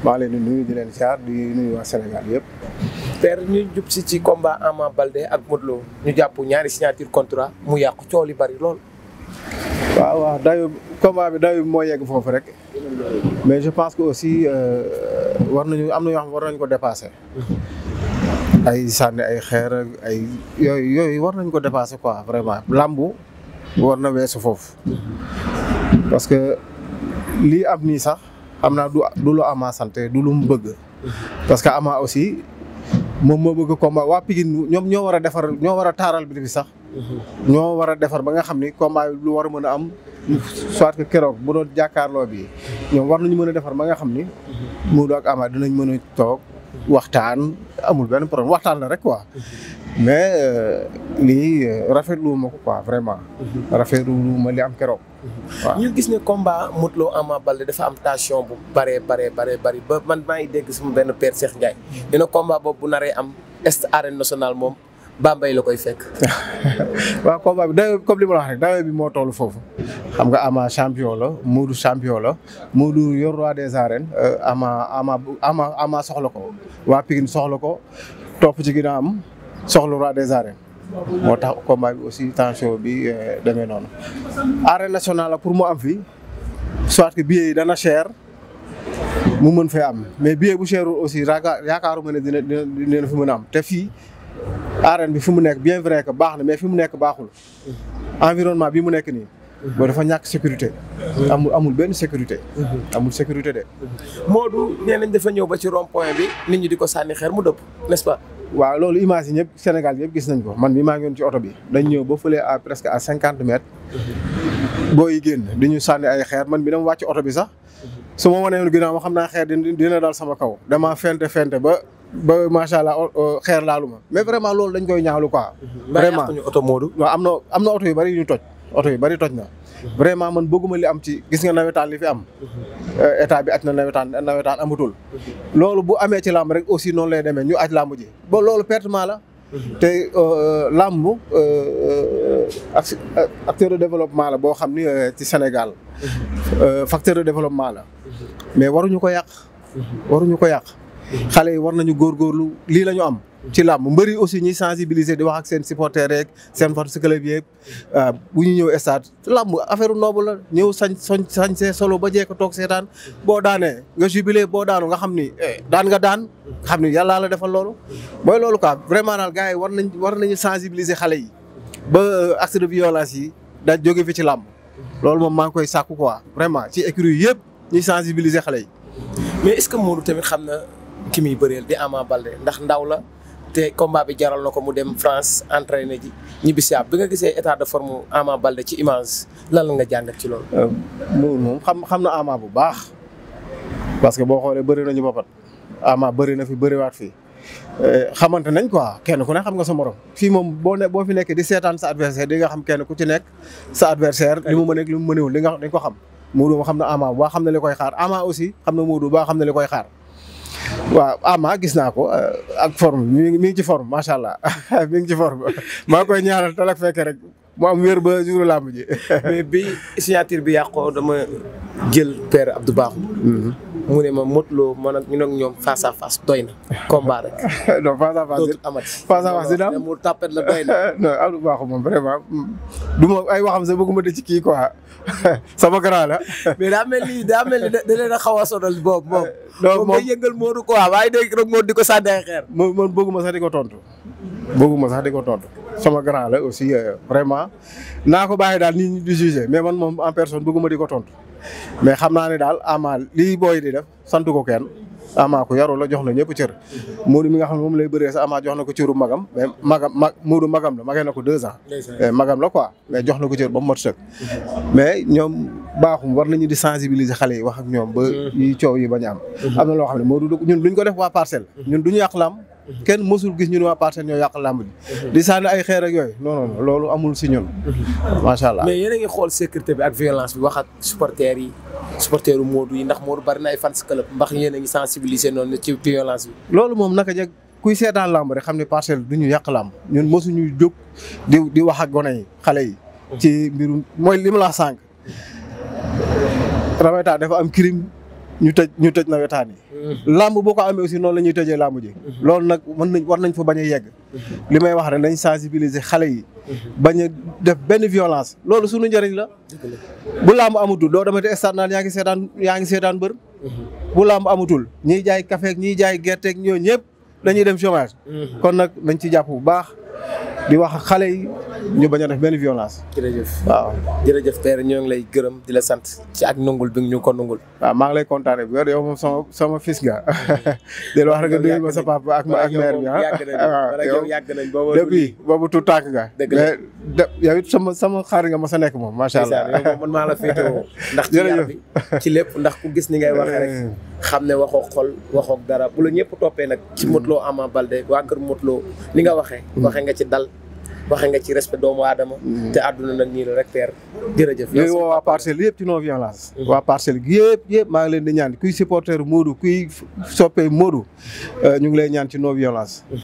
maa leen di nuyu di leen siyaar di nuyu waa Sénégal yëpp. père ñu jub si ci combat Ama Baldé ak Modou ñu jàpp ñaari signature contrat mu yàqu coow li bari lool. waaw waaw day combat bi dayu moo yegg foofu rek mais je pense que aussi euh, war nañu am na yoo xam war nañ ko dépasser. ay sànni ay xeer ay yooyu yooyu war nañ ko dépasé quoi vraiment làmbu war na weesu foofu parce que lii am nii sax. am naa du du lu Ama sant du lu bëgg. parce que Ama aussi moom moo bëgg combat waa Pikine ñoom ñoo war a defar ñoo war a taaral bi sax. ñoo war a defar ba nga xam ni combat bi lu war a mën a am. soit que keroog bu doon jàkkaarloo bi ñoom war nañu mën a defar ba nga xam ni. Modou ak Ama dinañ mën a toog. waxtaan amul benn problème waxtaan la rek quoi. mais euh, lii euh, rafetlu ma ko quoi vraiment. rafetlu ma li am keroog. waaw ñu gis ne combat Modou Lo Ama Baldé dafa am tension bu bare bare bare bari ba man maa ngi dégg sama benn père Cheikh Ndiaye. dina combat boobu bu naree am est arène national moom Bambey la koy fekk. waaw combat bi dayoo comme li ma la wax rek dayoo bi moo toll foofu. xam nga Ama champion la Modou champion la Modou yor roi des arènes euh, Ama Ama soxla ko waa Pikine soxla ko topp ci am. soxla roi des arènes moo tax combat bi aussi tension bi euh, demee noonu. arène nationale la pour mu am fi soit que billet yi dana cher mu mën fee am mais billet bu cherul aussi yaakaaruma ne dina dina dina fi mën a am te fii arène bi fu mu nekk bien vrai que baax na mais fi mu nekk baaxul environnement bi mu nekk nii. boo dafa ñàkk sécurité. amul amul benn sécurité. amul sécurité de. Modou nee nañ dafa ñëw ba ci rond point bi nit ñi di ko sànni xeer mu dëpp n'est-ce pas. waaw loolu image yi ñëpp Sénégal yëpp gis nañ ko man mi maa ngi woon ci oto bi dañ ñëw ba fële à presque à cinquante mètres booy génn di ñu sànni ay xeer man mi dama wàcc oto bi sax su ma waneelu ginnaaw ma xam naa xeer dina daal sama kaw damaa fente fente ba ba macha allah xeer laalu ma mais vraiment loolu dañ koy ñaalu quoi. vraiment oto Modou waaw am na am na oto yu bari yu ñu toj. oto yi bari toj na vraiment man bëgguma li am ci gis nga nawetaan li fi am eh, état bi aj na nawetaan nawetaan amatul loolu bu amee ci làmb rek aussi noon lee demee ñu aj làmb ji ba loolu pertement la te euh, làmb euh, acteur de développement la boo xam ni euh, ci Sénégal facteur de développement la mais waruñu ko yàq waruñu ko yàq xale yi war nañu góorgóorlu lii la ñu am ci làmb mbëri aussi ñuy sensibiliser di wax ak seen supporter rek seen fan club yëpp euh, bu ñu ñëw stade làmb affaire noobu la ñëw sañ sañ sañ see solo ba jekk toog seetaan boo daanee nga jubilé boo daanu nga xam ni eh, daan nga daan xam ni yàllaa la defal loolu mooy loolu quoi vraiment daal gars yi war nañ war nañu sensibiliser xale yi ba euh, acte de violence yi da jóge fi ci làmb loolu moom maa ngi koy sàkku quoi vraiment ci écurie yëpp ñuy sensibiliser xale yi mais est-ce que Modou tamit xam na ki muy bëreel di Ama Baldé ndax ndaw la te combat bi jaral na ko mu dem France entraîné ji ñibbi si bi nga gisee état de forme Ama Baldé ci image lan la nga jàngat ci loolu. Euh, loolu moom xam xam na Ama bu baax parce que boo xoolee bëri nañu boppam Ama bëri na fi bëriwaat fii euh, xamante nañ quoi kenn ku ne xam nga sa morom. fii moom boo ne boo fi nekkee di seetaan sa adversaire di nga xam ku ci nekk sa adversaire li mu mën mu mënewul ko xam Modou xam na Ama bu baax xam na li koy xaar Ama aussi xam na Modou bu baa xam ne li koy xaar. waaw amaa ah, gis naa ko euh, ak form mi ngi mi ngi ci forme macha allah mi ngi ci forme maa koy ñaanal talak fekke rek mu am ba jour làmb ji bi signature bi yàqoo dama jël père Abdou Bakhoum mm-hmm. mu ne ma Modou Lo man ak ñun ak ñoom face à face doy na. combat rek. non face à face dootul amati. face à face dina am mu tàppet la doy na. non Abdou Bakhoum moom du ma ay waxam sax bëgguma de ci kii quoi sama grand la. mais daa mel nii daa mel ni da leen a xaw a sonal boobu moom. non moo moom day yëngal waaye day rek Modou di ko sànni ay xeer. man man bëgguma sax di ko tontu. bëgguma sax di ko tontu sama grand la aussi euh, vraiment naa ko bàyyi daal ni ñu di jugé mais man moom en personne bëgguma di ko tontu. mais xam naa ne daal Ama lii booy di def sant ko ken Ama ku yaru la jox na ñëpp cër. Modou mi nga xam moom lay bëree sax Ama jox na ko cëru magam mais magam mag Modou magam la magee na ko deux ans. Eh, magam la quoi mais jox na ko cër ba mu mot sëkk. mais ñoom baaxum war na ñu di sensibiliser xale yi wax ak ñoom. ba mm. yi coow yi bañ am. Mm-hmm. am na loo xam ne Modou ñun duñ ko def waa parcelle. Mm-hmm. ñun duñu yàq lam kenn mësul gis ñun waa Parcelles ñoo yàq làmb ji. Mhm. di sànni ay xeer yooyu non loolu amul si ñun. Mhm. macha allah mais yéen ngi xool sécurité bi ak violence bi wax ak supporters yi supporteru Modou yi ndax Modou bari na ay fans club ndax yéen a ngi sensibiliser noonu ci violence bi. loolu moom naka jëkk kuy seetaan làmb rek xam ne Parcelles du ñu yàq làmb ñun mësuñu jóg di wax ak gone yi xale yi. Mhm. ci mbirum mooy li ma la sànq. am crime. ñu tëj ñu tëj nawetaan yi. Mm-hmm. làmb boo ko amee aussi noonu la ñuy tëjee làmb ji. Mm-hmm. loolu nag mën nañ war nañ fa bañ a yegg. Mm-hmm. li may wax rek nañ sensibiliser xale yi. bañ a def benn violence loolu suñu njëriñ la. bu làmb amatul doo demati stade naan yaa ngi seetaan yaa ngi seetaan bër. bu làmb amatul ñiy jaay café ak jaay gerte ak ñooñu ñëpp dañuy dem chômage. kon nag nañ ci jàpp bu baax. di wax xale yi ñu bañ a def benn violence. jërëjëf waaw jërëjëf père ñoo ngi lay gërëm di la sant ci ak nungul bi ñu ko nungul. maa ngi lay kontaanee bu wér yow moom sama sama fils nga di wax rek nga ma sa papa ak ak mère bi ah. waaw yow depuis boobu tout tànk nga. dëgg la mais yow it sama sama xaar nga ma sa nekk moom macha allah. man maa la féetewoo ndax ci yar bi lépp ndax ku gis ni ngay waxee rek. Eh. xam ne waxoo xol waxook dara bu la ñëpp toppee nag. ci Modou Lo Ama Baldé waa kër Modou Lo ni nga waxee. Hmm. waxee nga ci dal waxe nga ci respect doomu aadama mhm. te àdduna nag nii la rek père jërëjëf waa parcelle yëpp ci non violence mhm. waa parcelle yëpp yëpp maa ngi leen di ñaan kuy supporter Modou kuy soppee Modou euh, ñu ngi lay ñaan ci non violence